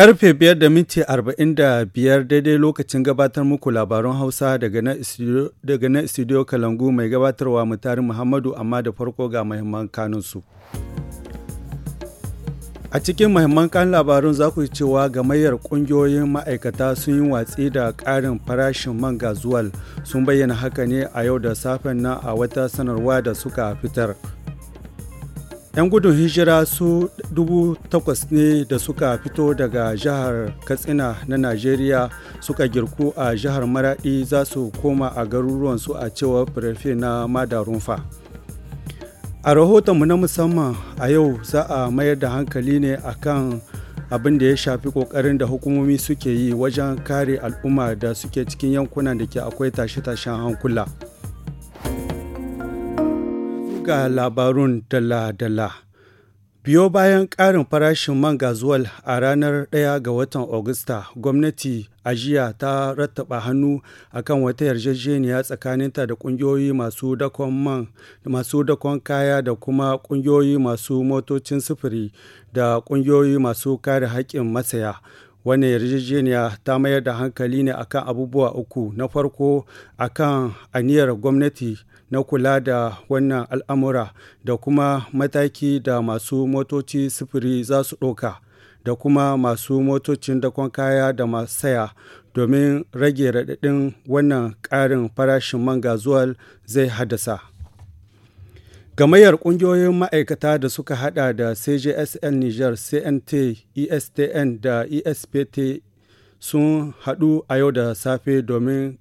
Karfe 5 da minti 45 daidai lokacin gabatar muku labarun Hausa daga na studio Kalangu mai gabatarwa mutari Muhammadu amma da farko ga mahimman kanunsu. A cikin mahimman kan labarun za ku cewa gamayyar kungiyoyin ma'aikata sun yi watsi da ƙarin farashin man gazuwal sun bayyana haka ne a yau da safen nan a wata sanarwa da suka fitar. 'yan gudun hijira su dubu takwas ne da suka fito daga jihar katsina na najeriya suka girku a jihar maradi za su koma a garuruwan su a cewar prefe na madarunfa a rahotonmu na musamman a yau za a mayar da hankali ne akan abin da ya shafi kokarin da hukumomi suke yi wajen kare al'umma da suke cikin yankunan da ke akwai tashe-tashen hankula. ga labarun dala-dala. Biyo bayan ƙarin farashin man gazuwal a ranar 1 ga watan Agusta, gwamnati a jiya ta rattaba hannu akan wata yarjejeniya tsakaninta da ƙungiyoyi masu dakon man masu dakon kaya da kuma ƙungiyoyi masu motocin sufuri da ƙungiyoyi masu kare haƙƙin masaya. wannan yarjejeniya ta mayar da hankali ne akan abubuwa uku na farko akan aniyar gwamnati na kula da wannan al'amura da kuma mataki da masu motoci sufuri za su ɗoka, da kuma masu motocin dakon kaya da masu saya domin rage raɗaɗin wannan ƙarin farashin manga gazuwal zai haddasa. Gamayyar ƙungiyoyin ma'aikata da suka hada da CJSL Niger, CNT, ESTN da ESPT sun haɗu a yau da safe domin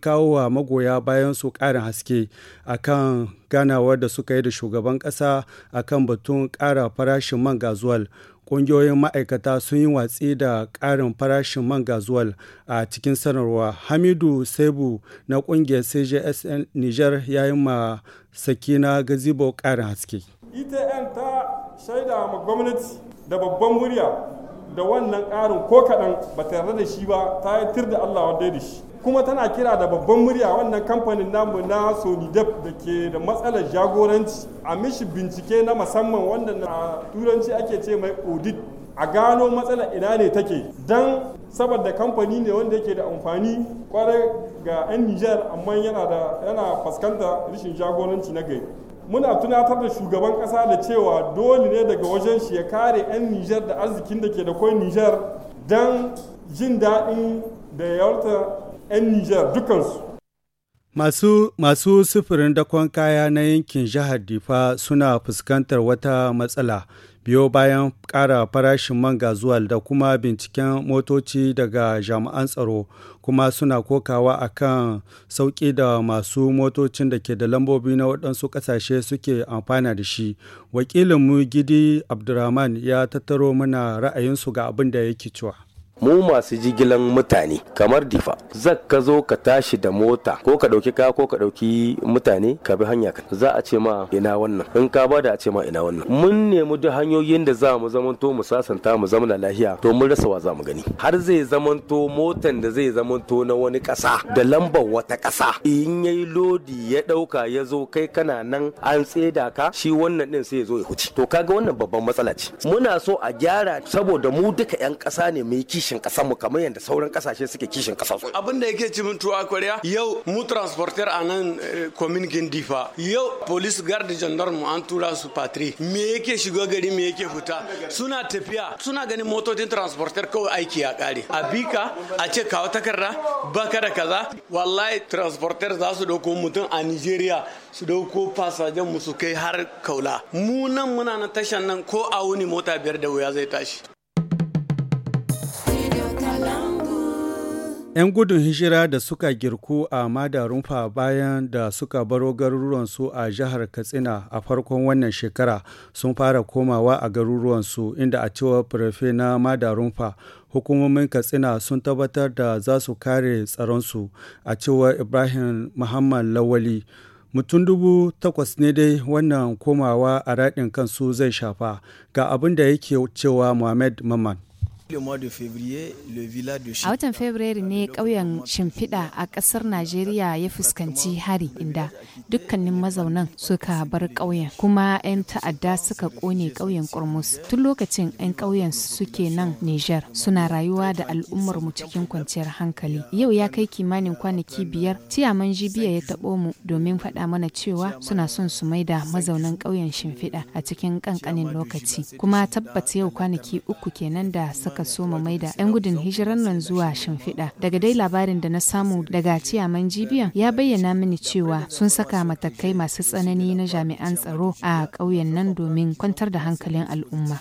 kawo wa magoya bayan su ƙarin haske a kan ganawar da suka yi da shugaban ƙasa a kan batun ƙara farashin man gazuwal ƙungiyoyin ma'aikata sun yi watsi da ƙarin farashin man gazuwal a cikin sanarwa hamidu sebu na ƙungiyar cjsn niger ya yi ma saki na gazibo ƙarin haske ita e ta shaida ma gwamnati da babban murya da wannan ƙarin ko kaɗan ba ta yarda da shi ba ta yi da Allah wadda da shi kuma tana kira da babban murya wannan kamfanin namu na Dep da ke da matsalar jagoranci a mishi bincike na musamman wanda na turanci ake ce mai audit a gano matsalar ina ne take don saboda kamfani ne wanda yake da amfani kwarai ga 'yan nijar amma yana da fuskanta rashin jagoranci na gari muna tunatar da shugaban ƙasa da cewa dole ne daga wajen shi ya kare 'yan nijar da arzikin da ke da kwai nijar don jin daɗin da yawarta 'yan nijar dukansu Masu, masu sufurin dakon kaya na yankin jihar Difa suna fuskantar wata matsala biyo bayan ƙara farashin man gazuwal da kuma binciken motoci daga jami'an tsaro kuma suna kokawa a kan sauƙi da masu motocin da ke da lambobi na waɗansu ƙasashe suke amfana da shi. Wakilinmu Gidi Abdurrahman ya tattaro mana ra'ayinsu ga abin da yake cewa. mu masu jigilan mutane kamar difa zak ka zo ka tashi da mota ko ka ɗauki kaya ko ka ɗauki mutane ka bi hanya ka za a ce ma ina wannan in ka bada a ce ma ina wannan mun nemi duk hanyoyin da za mu zamanto mu sasanta mu zamana lahiya to mun rasa wa za mu gani har zai zamanto motan da zai zamanto na wani kasa da lambar wata ƙasa in yayi lodi ya ɗauka ya zo kai kana nan an tseda ka shi wannan ɗin sai ya zo ya huce to kaga wannan babban matsala ce muna so a gyara saboda mu duka 'yan kasa ne mai kishi kishin kasar mu kamar yadda sauran kasashe suke kishin kasar su abin da yake cimin tuwa kwarya yau mu transporter a nan komin eh, gindifa yau police guard gendarme an tura su patri me yake shiga gari me yake fita suna tafiya suna ganin motocin transporter kawai aiki ya kare a bika a ce kawo takarda baka da kaza wallahi transporter za su dauko mutum a nigeria su dauko fasajen mu su kai har kaula mu nan muna na tashan nan ko a wuni mota biyar da wuya zai tashi 'Yan gudun hijira da suka girku a Mada Rumfa bayan da suka baro garuruwansu a jihar Katsina a farkon wannan shekara sun fara komawa a garuruwansu inda a cewa firfe na Mada Rumfa, hukumomin Katsina sun tabbatar da za su kare tsaronsu a cewar Ibrahim Muhammad Lawali. mutum dubu takwas ne dai wannan komawa a raɗin kansu zai shafa ga abin da yake cewa Muhammad Maman. A watan Fabrairu ne ƙauyen Shimfiɗa a ƙasar Najeriya ya fuskanci hari inda dukkanin mazaunan suka bar ƙauyen kuma 'yan ta'adda suka ƙone ƙauyen Kurmus. Tun lokacin 'yan ƙauyen suke nan Nijar suna rayuwa da al'ummar mu cikin kwanciyar hankali. Yau ya kai kimanin kwanaki biyar ciyaman jibiya ya taɓo mu domin faɗa mana cewa suna son su maida mazaunan ƙauyen Shimfiɗa a cikin ƙanƙanin lokaci. Kuma tabbata yau kwanaki uku kenan da suka aka so mu maida 'yan gudun hijirar nan zuwa shimfiɗa. Daga dai labarin da na samu daga ciyaman jibiyan ya bayyana mini cewa sun saka matakai masu tsanani na jami'an tsaro a ƙauyen nan domin kwantar da hankalin al'umma.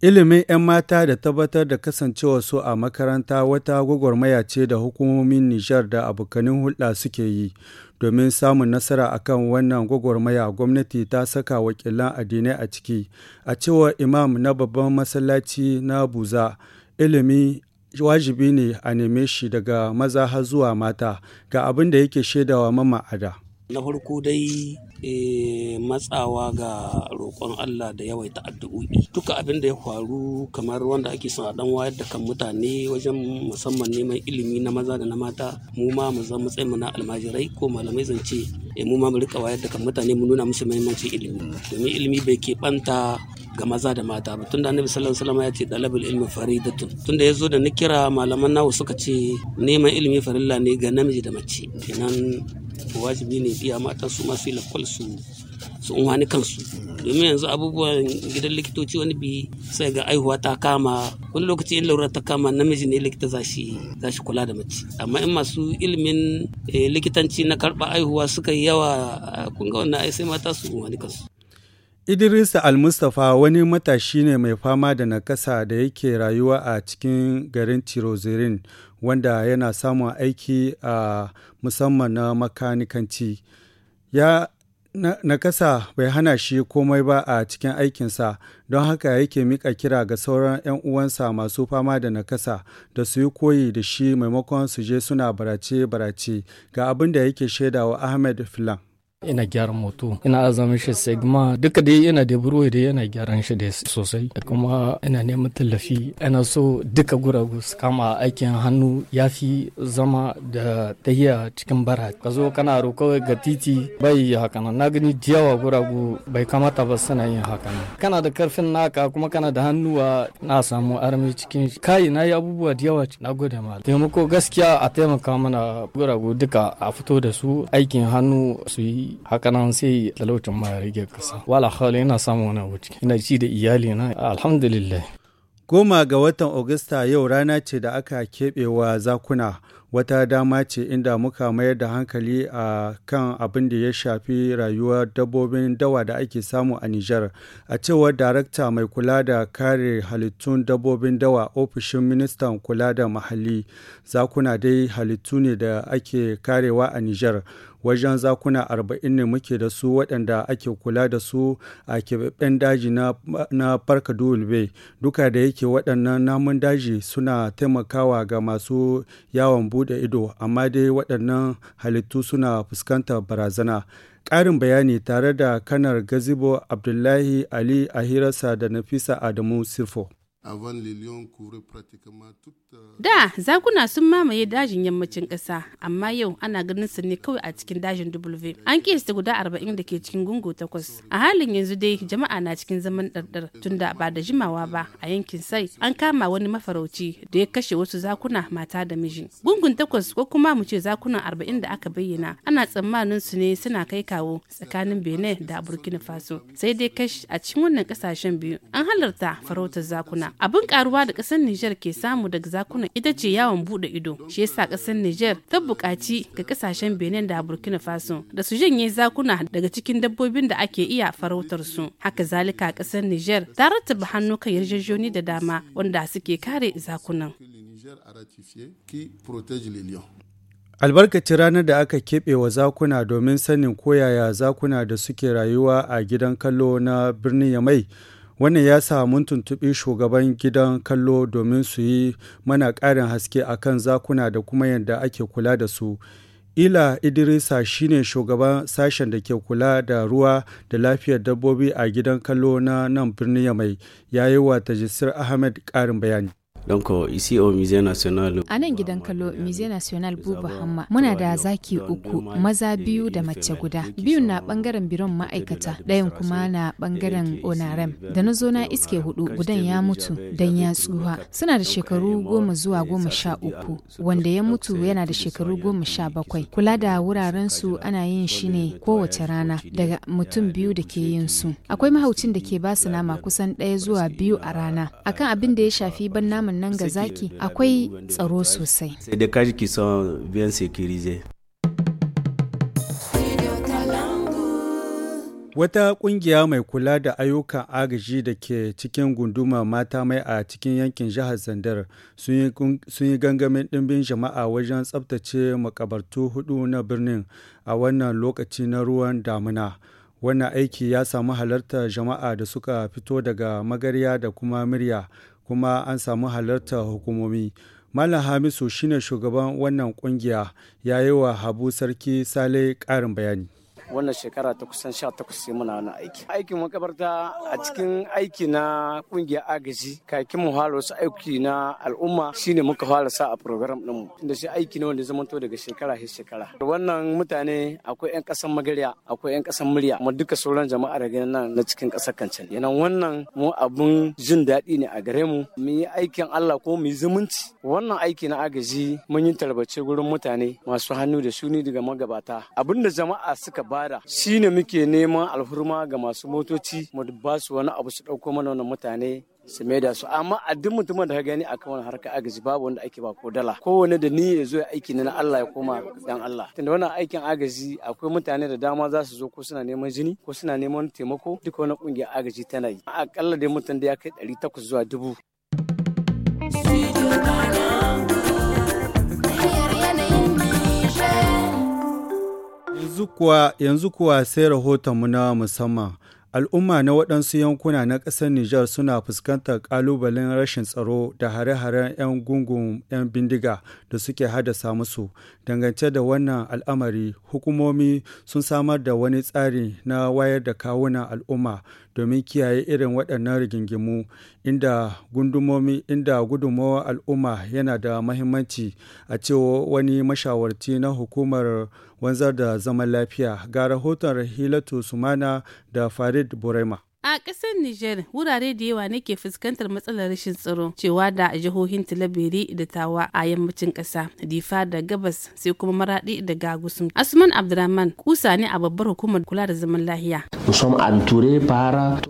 Ilimin 'yan mata da tabbatar da kasancewa su a makaranta wata gwagwarmaya ce da hukumomin Nijar da abokanin hulɗa suke yi. Domin samun nasara a kan wannan gwagwarmaya gwamnati ta saka wakilan addinai a ciki. A cewar imam na babban masallaci na Buza, ilimi wajibi ne a neme shi daga maza har zuwa mata ga abin da yake shaidawa mama'ada. Na farko dai eh, matsawa ga roƙon Allah da yawaita addu'o'i duka abin da ya faru kamar wanda ake son a dan wayar da kan mutane wajen musamman neman ilimi na maza da na mata mu ma mu zama matsayin mu na almajirai ko malamai zance e, eh, mu ma mu rika wayar da kan mutane mu nuna musu muhimmancin ilimi domin ilimi bai ke banta ga maza da mata ba tunda annabi sallallahu alaihi wasallam ya ce talabul ilmi faridatun tunda ya zo da na kira malaman nawa suka ce neman ilimi farilla ne ga namiji da mace kenan wajibi ne biya mata su masu lafkwal su su wani kansu domin yanzu abubuwan gidan likitoci wani bi sai ga aihuwa ta kama wani lokaci in laura ta kama namiji ne likita za shi kula da mace amma in masu ilimin eh, likitanci na karba aihuwa suka yi yawa kun ga wannan ai sai mata su wani kansu al Mustafa wani matashi ne mai fama da nakasa da yake rayuwa a cikin garin Tirozirin wanda yana samun aiki a musamman na makanikanci ya nakasa bai hana shi komai ba a cikin aikinsa don haka yake mika kira ga sauran 'yan uwansa masu fama da nakasa da su yi koyi da shi maimakon su je suna barace-barace ga abin da yake shaidawa ahmed filan ina gyara moto ina azamin shi sigma duka dai ina da burwai da yana gyaran shi da sosai da kuma ina neman tallafi ina so duka guragu su kama aikin hannu ya fi zama da tahiya cikin bara ka zo kana roƙo ga titi bai yi hakanan na gani jiyawa guragu bai kamata ba suna yin hakanan kana da karfin naka kuma kana da hannuwa na samu armi cikin kai na yi abubuwa da yawa na gode ma taimako gaskiya a taimaka mana guragu duka a fito da su aikin hannu su yi hakanan sai talaucin ma ya rage kasa wala hali ina samu wani abu ina ci da iyali na alhamdulillah Goma ga watan Agusta yau rana ce da aka keɓewa zakuna wata dama ce inda muka mayar da hankali a kan abin da ya shafi rayuwar dabbobin dawa da ake samu a Nijar. A cewar darakta mai kula da kare halittun dabbobin dawa ofishin ministan kula da mahalli zakuna dai halittu ne da ake karewa a Nijar wajen zakuna arba'in ne muke da su waɗanda ake kula da su a keɓaɓɓen daji na farka bay duka da yake waɗannan namun daji suna taimakawa ga masu yawon buɗe ido amma dai waɗannan halittu suna fuskantar barazana ƙarin bayani tare da kanar gazibo abdullahi ali ahirarsa da nafisa adamu sirfo Euh, da zakuna sun mamaye dajin yammacin ƙasa, amma yau ana ganin su ne kawai a cikin dajin W. An kiyasta guda 40 da ke cikin gungu takwas. A halin yanzu dai jama'a na cikin zaman ɗarɗar da ba da jimawa ba a yankin sai an kama wani mafarauci da ya kashe wasu zakuna mata da miji. Gungun takwas ko kuma mu ce zakunan arba'in da aka bayyana ana tsammanin su ne suna kai kawo tsakanin Benin da Burkina Faso. Sai dai kash a cikin wannan kasashen biyu an halarta farautar zakuna. abin karuwa da kasar Nijar ke samu daga zakuna ita ce yawon bude ido shi yasa kasar Nijar ta bukaci ga kasashen Benin da Burkina Faso da su janye zakuna daga cikin dabbobin da ake iya farautar su haka zalika kasar Nijar ta rattaba hannu kan yarjejoni da dama wanda suke kare zakunan Albarkacin ranar da aka keɓe wa zakuna domin sanin koyaya zakuna da suke rayuwa a gidan kallo na birnin Yamai wannan ya sa mun tuntuɓi shugaban gidan kallo domin su yi mana ƙarin haske a kan zakuna da kuma yadda ake kula da su ila idrisa shine shugaban sashen da ke kula da ruwa da lafiyar dabbobi a gidan kallo na nan birnin yamai ya yi wa tajisir ahmed ƙarin bayani donc musée national a nan gidan kallo musée national buba hamma muna da zaki uku maza biyu da mace guda biyun na bangaren biron ma'aikata ɗayan kuma na bangaren onarem da na zo na iske hudu gudan ya mutu dan ya tsuha suna da shekaru goma zuwa goma sha uku wanda ya mutu yana da shekaru goma sha bakwai kula da wuraren su ana yin shi ne kowace rana daga mutum biyu da ke yin su akwai mahaucin da ke basu nama kusan ɗaya zuwa biyu a rana akan abin da ya shafi ban naman wannan ga zaki akwai tsaro sosai. Sai da kaji ki son biyan sekirize. Wata ƙungiya mai kula da ayyukan agaji da ke cikin gunduma mata mai a cikin yankin jihar Zandar sun yi gangamin ɗimbin jama'a wajen tsabtace makabartu hudu na birnin a wannan lokaci na ruwan damuna. Wannan aiki ya samu halartar jama'a da suka fito daga magarya da kuma murya kuma an samu halartar hukumomi. Malam Hamisu shine shugaban wannan kungiya ya yi wa Habu Sarki Sale ƙarin bayani. wannan shekara ta kusan takwas sai muna wani aiki aikin makabarta a cikin aiki na kungiyar agaji kakin mu fara wasu aiki na al'umma shine muka fara sa a program ɗinmu. mu inda shi aiki ne wanda zama to daga shekara har shekara wannan mutane akwai yan kasan magarya akwai yan ƙasar murya ma duka sauran jama'a daga nan na cikin ƙasar kancan yana wannan mu abun jin daɗi ne a gare mu mu yi aikin Allah ko mu yi zumunci wannan aiki na agaji mun yi tarbace gurin mutane masu hannu da suni daga magabata abinda jama'a suka ba shi shine muke neman alhurma ga masu motoci mu ba su wani abu su ɗauko mana wannan mutane su mai da su amma a duk mutumin da ka gani akan wani harka agaji babu wanda ake ba ko dala kowane da ya zo aiki na Allah ya koma dan Allah tunda wannan aikin agaji akwai mutane da dama za su zo ko suna neman jini ko suna neman taimako duka wani kungiyar agaji tana yi kalla dai mutum da ya kai 800 zuwa 1000 Yanzu kuwa sai rahoton mu na musamman. Al'umma na waɗansu yankuna na ƙasar Nijar suna fuskantar ƙalubalen rashin tsaro da hare-haren 'yan gungun 'yan bindiga da suke haddasa musu. Dangance da wannan al'amari, hukumomi sun samar da wani tsari na wayar da kawunan al'umma domin kiyaye irin waɗannan rigingimu inda gundumomi inda al'umma yana da mahimmanci a cewa wani mashawarci na hukumar wanzar da zaman lafiya ga rahoton rahilatu sumana da farid burema A ƙasar Nijar wurare da yawa nake fuskantar matsalar rashin tsaro cewa da jihohin Talabiri da Tawa a yammacin ƙasa, Difa da Gabas sai kuma Maraɗi da Gagusun. Asman Abdurrahman kusa ne a babbar hukumar kula da zaman lahiya.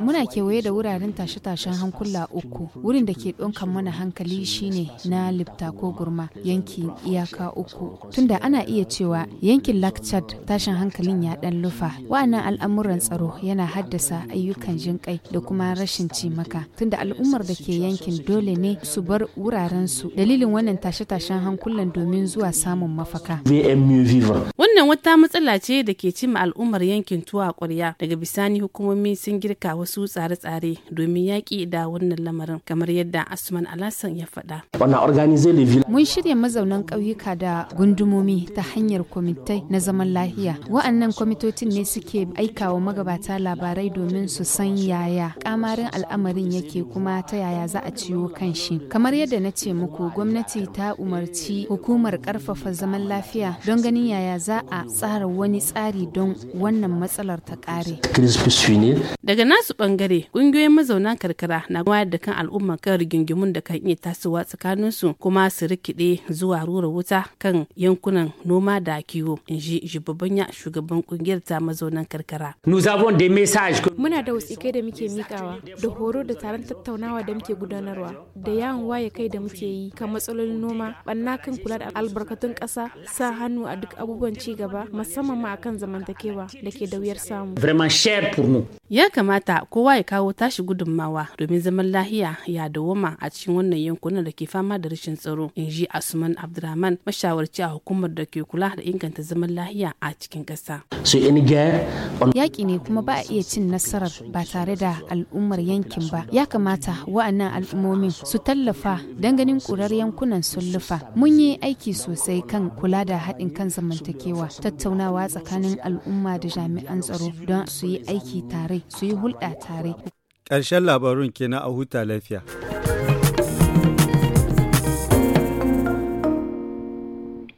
Muna kewaye da wuraren tashe-tashen hankula uku. Wurin da ke ɗaukan mana hankali shine na Lipta ko Gurma yankin iyaka uku. Tunda ana iya cewa yankin Lakchad tashin hankalin ya ɗan lufa. Wa'annan al'amuran tsaro yana haddasa ayyukan jin kai da kuma rashin cimaka tunda al'ummar da ke yankin dole ne su bar wuraren su dalilin wannan tashe-tashen hankulan domin zuwa samun mafaka. Wannan wata matsala ce da ke cima al'ummar yankin tuwa ƙwarya daga bisani hukumomi sun girka wasu tsare-tsare domin yaƙi da wannan lamarin kamar yadda Asman Alasan ya faɗa. Mun shirya mazaunan ƙauyuka da gundumomi ta hanyar kwamitai na zaman lahiya. Wa'annan kwamitocin ne suke aikawa magabata labarai domin su san yaya kamarin al'amarin yake kuma ta yaya za a ciwo kan shi kamar yadda na ce muku gwamnati ta umarci hukumar karfafa zaman lafiya don ganin yaya za a tsara wani tsari don wannan matsalar ta kare daga nasu bangare kungiyoyin mazauna karkara na wayar da kan al'umma kan rigingimun da kan iya tasowa tsakaninsu kuma su rikide zuwa rura wuta kan yankunan noma da kiwo in ji babban shugaban kungiyar ta mazaunan karkara muna da kai da muke mikawa da horo da taron tattaunawa da muke gudanarwa da yawon waye kai da muke yi kan matsalolin noma banna kan kula da albarkatun ƙasa sa hannu a duk abubuwan ci gaba musamman ma akan zamantakewa da ke da wuyar samu. Ya kamata kowa ya kawo tashi gudunmawa domin zaman lahiya ya dawoma a cikin wannan yankunan da ke fama da rashin tsaro in ji Asuman Abdurrahman mashawarci a hukumar da ke kula da inganta zaman lahiya a cikin ƙasa. Yaƙi ne kuma ba a iya cin nasarar ba ba tare da al'ummar yankin ba ya kamata wa'annan al'ummomin su tallafa don ganin ƙurar yankunan sun lufa mun yi aiki sosai kan kula da haɗin kan zamantakewa tattaunawa tsakanin al'umma da jami'an tsaro don su yi aiki tare su yi hulɗa tare karshen labarun kenan a huta lafiya